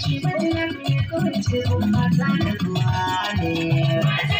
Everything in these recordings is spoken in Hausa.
shi ba na lafiya kawai ce ba ta ruwa ne.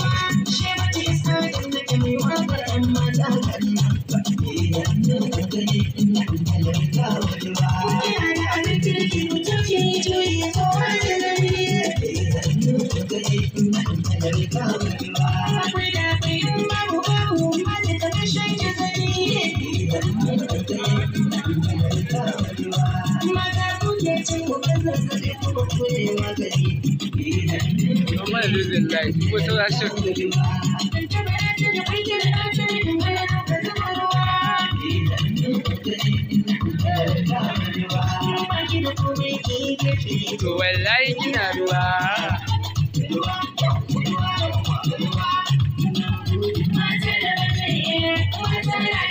Nobody losing life. What's all that shit? To wallahi kina ruwa. Mata da da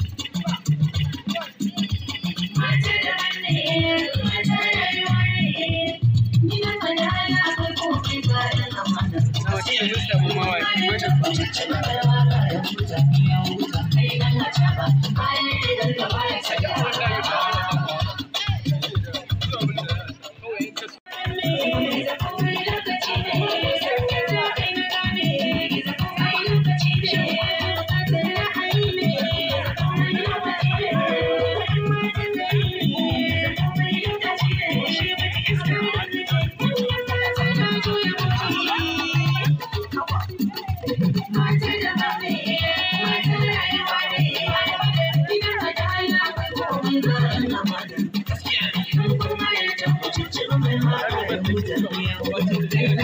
Thank you.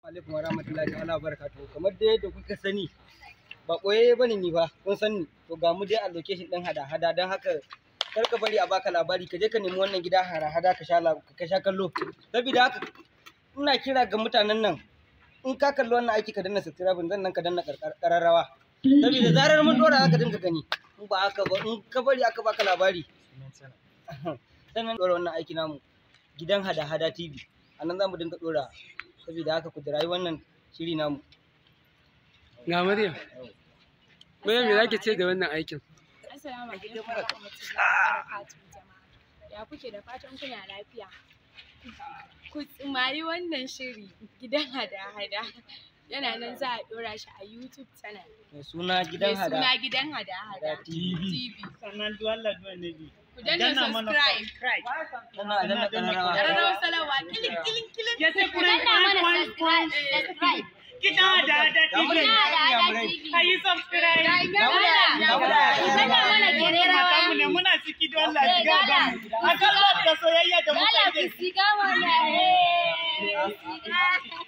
alaikum warahmatullahi ta'ala barakatuhu kamar da yadda kuka sani ba koyayye bane ni ba kun sani to ga mu dai a location din hada hada don haka kar ka bari a baka labari ka je ka nemi wannan gida hara hada ka sha ka sha kallo saboda haka ina kira ga mutanen nan in ka kalli wannan aiki ka danna subscribe zan nan ka danna kararrawa saboda zarar mun dora zaka dinga gani in ba haka ba in ka bari aka baka labari sannan ɗora wannan aiki namu gidan hada-hada tv a nan za mu dinga ɗora saboda haka ku jirayi wannan shiri namu ga maryam maryam me zaki ce ga wannan aikin assalamu alaikum wa rahmatullahi ya kuke da fatan kuna lafiya ku tsumari wannan shiri gidan hada-hada yana nan za a ɗora shi a YouTube channel. Mai suna gidan hada. suna gidan hada hada. TV. Sannan duwalla duwa ne bi. Ku danna subscribe. kilin kilin kilin. Ya sai kuma mana subscribe. hada hada TV. Kita hada hada TV. Ayi subscribe. muna ciki duwalla shiga ga A kan soyayya da mutane. ku shiga Shiga.